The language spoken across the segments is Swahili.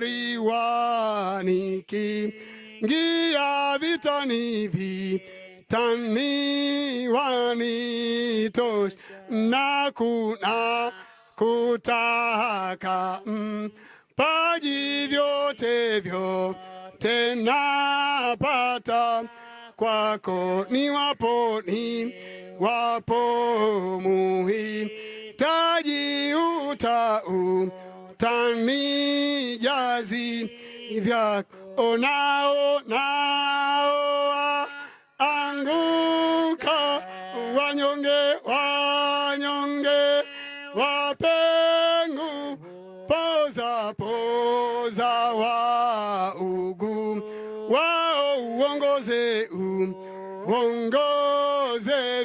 mariwani, kiingia vitani, vitani wanitosha na kuna kutaka mpaji, vyote vyote napata kwako, ni waponi ni wapo muhitaji utau tamijazi vya onao nao anguka, wanyonge wanyonge wapengu, poza poza wa ugu wao uongoze uongo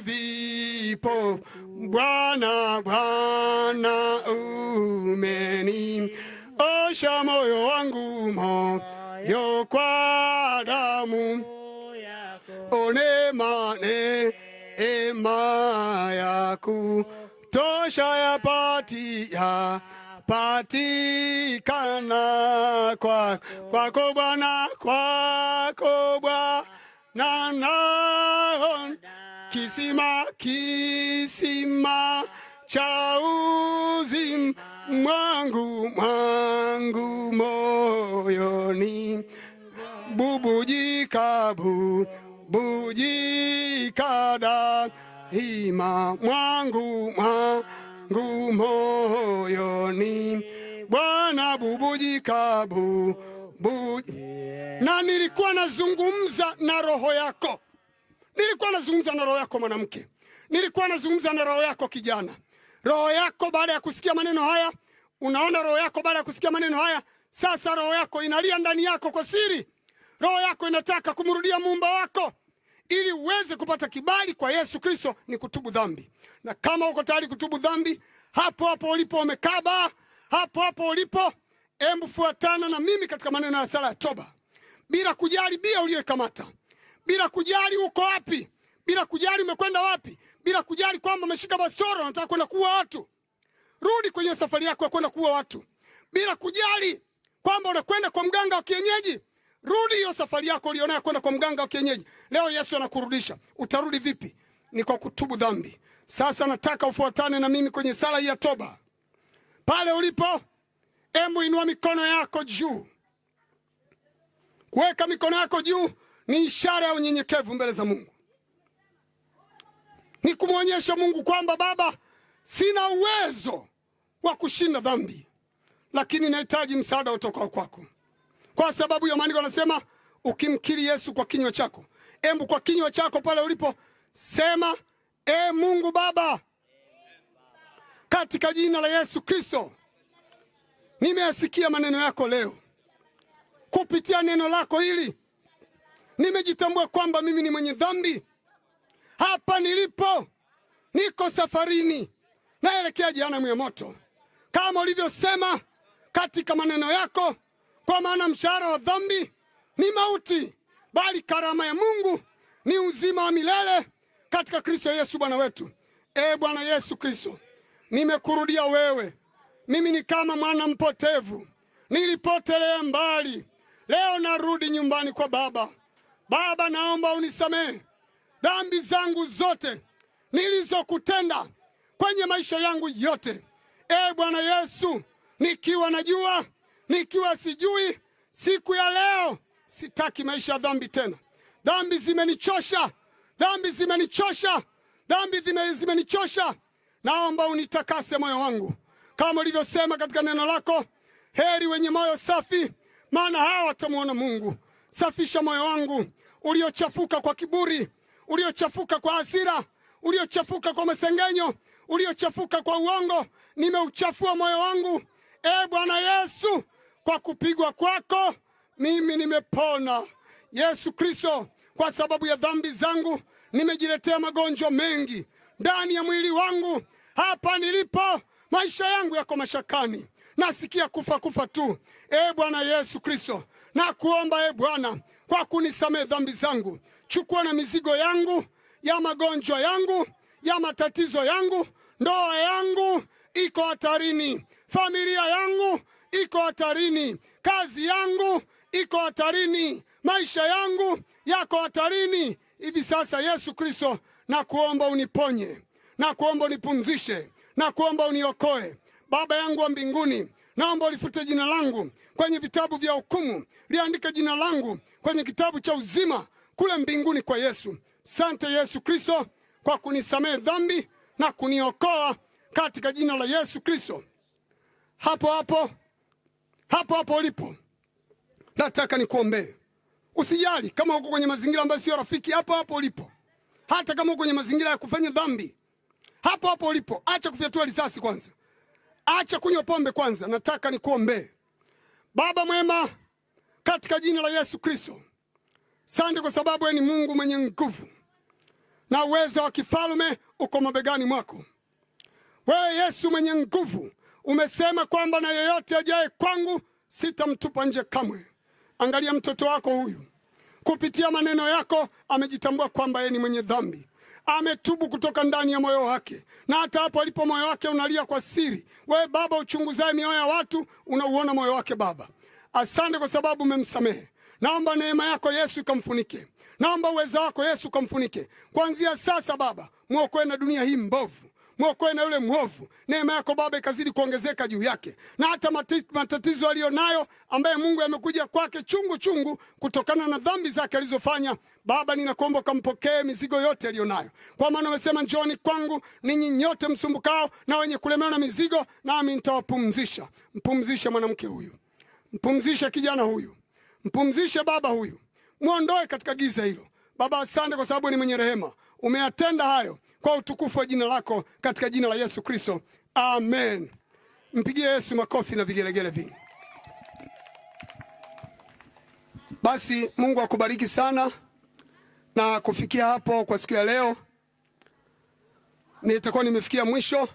vipo. Bwana Bwana umeniosha moyo wangu, moyo kwa damu. O neema, neema ya kutosha patikana kwa kwako Bwana, kwako Bwana naon Kisima, kisima cha uzima mwangu, mwangu moyoni, bubujika, bubujika daima, mwangu, mwangu moyoni, Bwana bubujika, yeah. Na nilikuwa nazungumza na roho yako Nilikuwa nazungumza na roho yako mwanamke, nilikuwa nazungumza na roho yako kijana. Roho yako baada ya kusikia maneno haya, unaona roho yako baada ya kusikia maneno haya, sasa roho yako inalia ndani yako kwa siri. Roho yako inataka kumrudia muumba wako ili uweze kupata kibali kwa Yesu Kristo ni kutubu dhambi. Na kama uko tayari kutubu dhambi, hapo hapo ulipo umekaba, hapo hapo ulipo, embu fuatana na mimi katika maneno ya sala ya toba, bila kujali bia uliyoikamata bila kujali uko wapi, bila kujali umekwenda wapi, bila kujali kwamba umeshika basoro nataka kwenda kuua watu. Rudi kwenye safari yako ya kwenda kuua watu, bila kujali kwamba unakwenda kwa mganga wa kienyeji. Rudi hiyo safari yako ulionayo kwenda kwa mganga wa kienyeji. Leo Yesu anakurudisha. Utarudi vipi? Ni kwa kutubu dhambi. Sasa nataka ufuatane na mimi kwenye sala hii ya toba. Pale ulipo, embu inua mikono yako juu, kuweka mikono yako juu ni ishara ya unyenyekevu mbele za Mungu, ni kumwonyesha Mungu kwamba Baba, sina uwezo wa kushinda dhambi, lakini nahitaji msaada utokao kwako, kwa sababu ya maandiko anasema ukimkiri Yesu kwa kinywa chako, embu kwa kinywa chako pale ulipo sema e Mungu Baba, katika jina la Yesu Kristo, nimeyasikia maneno yako leo kupitia neno lako hili nimejitambua kwamba mimi ni mwenye dhambi. Hapa nilipo niko safarini, naelekea jehanamu ya moto, kama ulivyosema katika maneno yako, kwa maana mshahara wa dhambi ni mauti, bali karama ya Mungu ni uzima wa milele katika Kristo Yesu Bwana wetu. E Bwana Yesu Kristo, nimekurudia wewe. Mimi ni kama mwana mpotevu, nilipotelea mbali, leo narudi nyumbani kwa Baba. Baba, naomba unisamehe dhambi zangu zote nilizokutenda kwenye maisha yangu yote. E Bwana Yesu, nikiwa najua, nikiwa sijui, siku ya leo sitaki maisha ya dhambi tena. Dhambi zimenichosha, dhambi zimenichosha, dhambi zimenichosha. Naomba unitakase moyo wangu kama ulivyosema katika neno lako, heri wenye moyo safi, maana hawa watamwona Mungu. Safisha moyo wangu uliochafuka kwa kiburi, uliochafuka kwa hasira, uliochafuka kwa masengenyo, uliochafuka kwa uongo. Nimeuchafua moyo wangu, e Bwana Yesu, kwa kupigwa kwako mimi nimepona. Yesu Kristo, kwa sababu ya dhambi zangu nimejiletea magonjwa mengi ndani ya mwili wangu. Hapa nilipo, maisha yangu yako mashakani, nasikia kufa kufa tu. E Bwana Yesu Kristo, na kuomba, e Bwana, kwa kunisamehe dhambi zangu, chukua na mizigo yangu ya magonjwa yangu ya matatizo yangu, ndoa yangu iko hatarini, familia yangu iko hatarini, kazi yangu iko hatarini, maisha yangu yako hatarini hivi sasa. Yesu Kristo, nakuomba uniponye, na kuomba unipumzishe, na kuomba uniokoe. Baba yangu wa mbinguni, naomba ulifute jina langu kwenye vitabu vya hukumu liandike jina langu kwenye kitabu cha uzima kule mbinguni kwa Yesu. Sante Yesu Kristo kwa kunisamehe dhambi na kuniokoa katika jina la Yesu Kristo. Hapo hapo hapo hapo ulipo, nataka nikuombee. Usijali kama uko kwenye mazingira ambayo sio rafiki, hapo hapo ulipo, hata kama uko kwenye mazingira ya kufanya dhambi, hapo hapo ulipo, acha kufyatua risasi kwanza, acha kunywa pombe kwanza. Nataka nikuombee. Baba mwema katika jina la Yesu Kristo. Sante kwa sababu wewe ni Mungu mwenye nguvu na uwezo wa kifalume uko mabegani mwako. Wewe Yesu mwenye nguvu umesema kwamba na yeyote ajaye kwangu sitamtupa nje kamwe. Angalia mtoto wako huyu, kupitia maneno yako amejitambua kwamba yeye ni mwenye dhambi, ametubu kutoka ndani ya moyo wake, na hata hapo alipo moyo wake unalia kwa siri. Wewe Baba uchunguzaye mioyo ya watu, unauona moyo wake Baba. Asante kwa sababu umemsamehe. Naomba neema yako Yesu ikamfunike, naomba uweza wako Yesu ukamfunike kuanzia sasa. Baba, mwokoe na dunia hii mbovu mwokoe na yule mwovu. Neema yako Baba ikazidi kuongezeka juu yake, na hata matatizo aliyonayo ambaye Mungu amekuja kwake chungu chungu kutokana na dhambi zake alizofanya. Baba, ninakuomba ukampokee mizigo yote aliyonayo, kwa maana umesema, njooni kwangu ninyi nyote msumbukao na wenye kulemewa na mizigo, nami nitawapumzisha. Mpumzishe mwanamke huyu. Mpumzishe kijana huyu, mpumzishe baba huyu, mwondoe katika giza hilo. Baba, asante kwa sababu ni mwenye rehema, umeyatenda hayo kwa utukufu wa jina lako, katika jina la Yesu Kristo, amen. Mpigie Yesu makofi na vigelegele vingi. Basi Mungu akubariki sana. Na kufikia hapo kwa siku ya leo, nitakuwa nimefikia mwisho.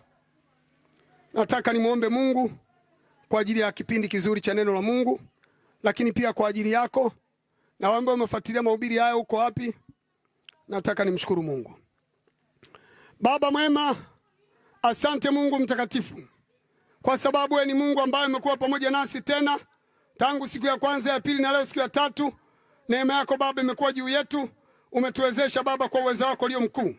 Nataka nimwombe Mungu kwa ajili ya kipindi kizuri cha neno la Mungu, lakini pia kwa ajili yako na wale ambao wamefuatilia mahubiri haya huko wapi, nataka nimshukuru Mungu. Baba mwema, asante Mungu mtakatifu, kwa sababu wewe ni Mungu ambaye umekuwa pamoja nasi tena tangu siku ya kwanza, ya pili na leo siku ya tatu. Neema yako Baba imekuwa juu yetu, umetuwezesha Baba kwa uwezo wako ulio mkuu.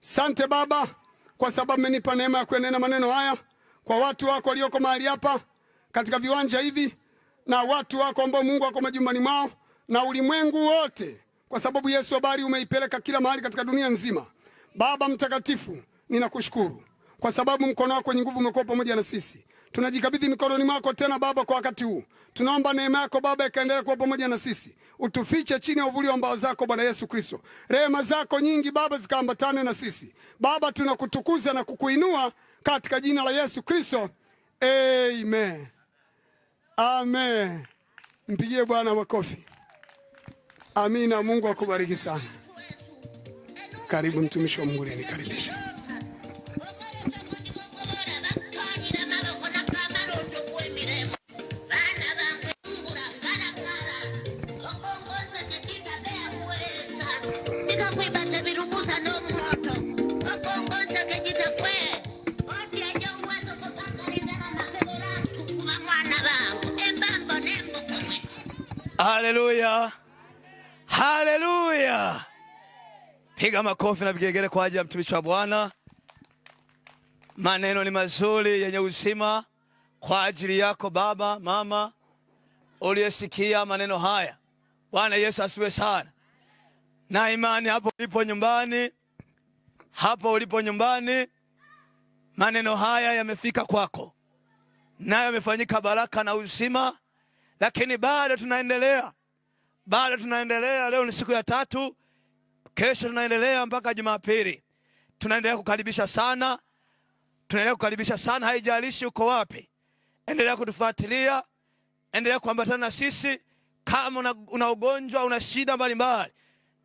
Sante Baba kwa sababu umenipa neema ya kuenena maneno haya kwa watu wako walioko mahali hapa katika viwanja hivi na watu wako ambao Mungu wako majumbani mwao na ulimwengu wote, kwa sababu Yesu habari umeipeleka kila mahali katika dunia nzima. Baba Mtakatifu, ninakushukuru kwa sababu mkono wako wenye nguvu umekuwa pamoja na sisi. Tunajikabidhi mikononi mwako tena Baba, kwa wakati huu tunaomba neema yako Baba ikaendelea kuwa pamoja na sisi, utufiche chini ya uvuli wa mbawa zako Bwana Yesu Kristo. Rehema zako nyingi Baba zikaambatane na sisi Baba, tunakutukuza na kukuinua katika jina la Yesu Kristo, amen. Amen. Mpigie Bwana makofi. Amina. Mungu akubariki sana. Karibu mtumishi wa Mungu, nikaribisha Piga makofi na vigegere kwa ajili ya mtumishi wa Bwana. Maneno ni mazuri yenye uzima kwa ajili yako baba, mama uliyesikia maneno haya. Bwana Yesu asiwe sana na imani hapo ulipo nyumbani, hapo ulipo nyumbani, maneno haya yamefika kwako, nayo yamefanyika baraka na uzima, lakini bado tunaendelea, bado tunaendelea. Leo ni siku ya tatu Kesho tunaendelea mpaka Jumapili. Tunaendelea kukaribisha sana, tunaendelea kukaribisha sana, haijalishi uko wapi. Endelea kutufuatilia, endelea kuambatana na sisi. Kama una, una ugonjwa una shida mbalimbali,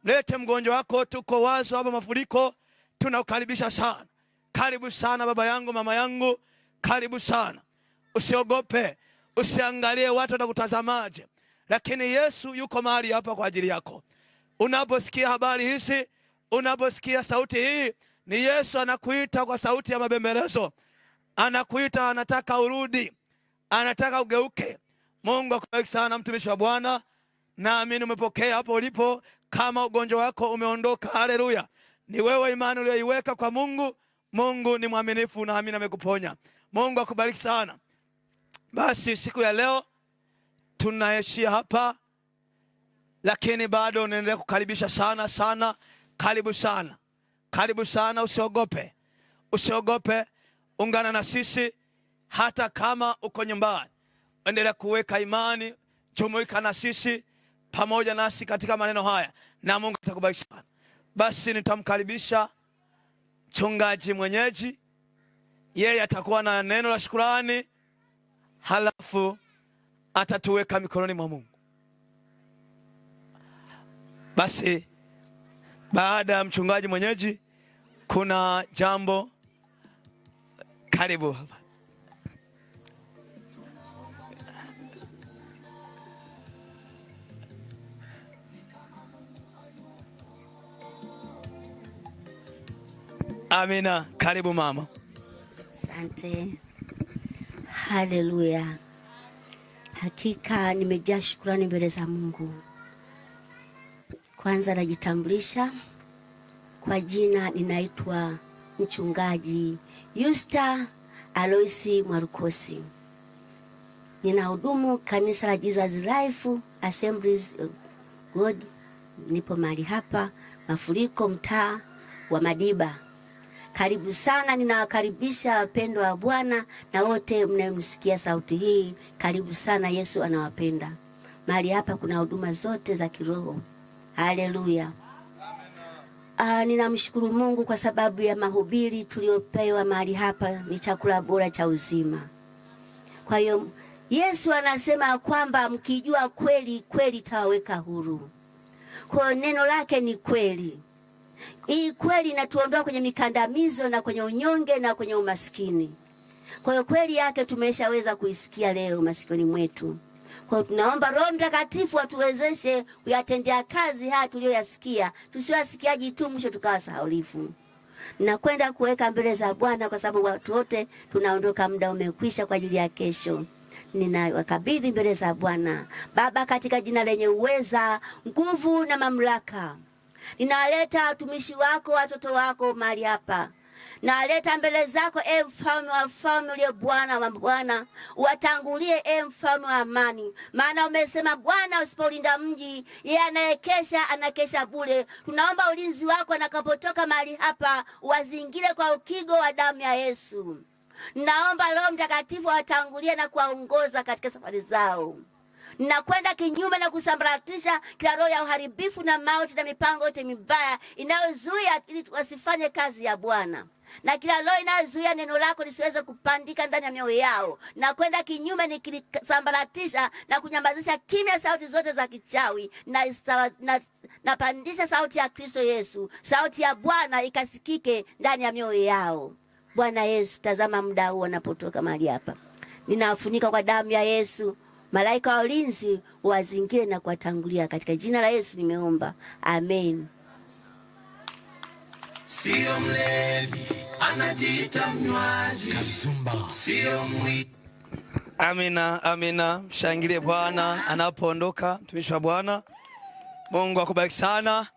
lete mgonjwa wako. Tuko wazo hapa Mafuriko, tunakukaribisha sana. Karibu sana baba yangu, mama yangu, karibu sana. Usiogope, usiangalie watu watakutazamaje, lakini Yesu yuko mahali hapa kwa ajili yako. Unaposikia habari hizi, unaposikia sauti hii, ni Yesu anakuita kwa sauti ya mabembelezo, anakuita, anataka urudi, anataka ugeuke. Mungu akubariki sana mtumishi wa Bwana, naamini umepokea hapo ulipo, kama ugonjwa wako umeondoka. Haleluya! Ni wewe imani uliyoiweka kwa Mungu. Mungu ni mwaminifu, naamini amekuponya. Mungu akubariki sana. Basi siku ya leo tunaishia hapa lakini bado naendelea kukaribisha sana sana. Karibu sana, karibu sana, usiogope, usiogope, ungana na sisi. Hata kama uko nyumbani, endelea kuweka imani, jumuika na sisi, pamoja nasi katika maneno haya, na Mungu atakubariki sana. Basi nitamkaribisha mchungaji mwenyeji, yeye atakuwa na neno la shukurani, halafu atatuweka mikononi mwa Mungu. Basi baada ya mchungaji mwenyeji, kuna jambo. Karibu hapa. Amina, karibu mama. Asante. Haleluya. Hakika nimejaa shukrani mbele za Mungu. Kwanza najitambulisha kwa jina, ninaitwa mchungaji Yusta Aloisi Mwarukosi, ninahudumu kanisa la Jesus Life Assemblies of God. Nipo mahali hapa Mafuriko, mtaa wa Madiba. Karibu sana, ninawakaribisha wapendwa wa Bwana na wote mnayemsikia sauti hii, karibu sana. Yesu anawapenda. Mahali hapa kuna huduma zote za kiroho. Haleluya. Ah, ninamshukuru Mungu kwa sababu ya mahubiri tuliyopewa mahali hapa ni chakula bora cha uzima. Kwa hiyo Yesu anasema kwamba mkijua kweli, kweli tawaweka huru. Kwa hiyo neno lake ni kweli. Hii kweli inatuondoa kwenye mikandamizo na kwenye unyonge na kwenye umaskini. Kwa hiyo kweli yake tumeshaweza kuisikia leo masikioni mwetu. Kwa tunaomba Roho Mtakatifu atuwezeshe kuyatendea kazi haya tuliyoyasikia, tusiwasikiaji tu mwisho tukawa sahaulifu. Nakwenda kuweka mbele za Bwana kwa sababu watu wote tunaondoka, muda umekwisha kwa ajili ya kesho. Ninawakabidhi mbele za Bwana. Baba, katika jina lenye uweza, nguvu na mamlaka, ninawaleta watumishi wako, watoto wako mahali hapa Naleta mbele zako e mfalme wa falme, uliye Bwana wa Bwana, watangulie e mfalme wa amani, maana umesema Bwana, usipolinda mji, yeye anayekesha anakesha bure. Tunaomba ulinzi wako anakapotoka mahali hapa, wazingire kwa ukigo wa damu ya Yesu. Naomba Roho Mtakatifu awatangulie na kuwaongoza katika safari zao na kwenda kinyume na kusambaratisha kila roho ya uharibifu na mauti na mipango yote mibaya inayozuia ili wasifanye kazi ya Bwana na kila roho inayozuia neno lako lisiweze kupandika ndani ya mioyo yao na kwenda kinyume, nikisambaratisha na kunyamazisha kimya sauti zote za kichawi na, napandisha na, sauti ya Kristo Yesu, sauti ya Bwana ikasikike ndani ya mioyo yao. Bwana Yesu, tazama muda huu wanapotoka mahali hapa, ninawafunika kwa damu ya Yesu. Malaika wa ulinzi wazingire na kuwatangulia katika jina la Yesu nimeomba, amen. Sio mlevi anajiita mnywaji Kazumba, sio mwi. Amina, amina, mshangilie Bwana anapoondoka mtumishi wa Bwana. Mungu akubariki sana.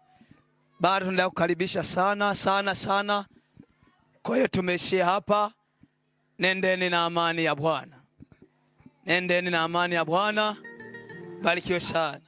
Bado tunaendelea kukaribisha sana sana sana. Kwa hiyo tumeishia hapa. Nendeni na amani ya Bwana, nendeni na amani ya Bwana. Barikiwe sana.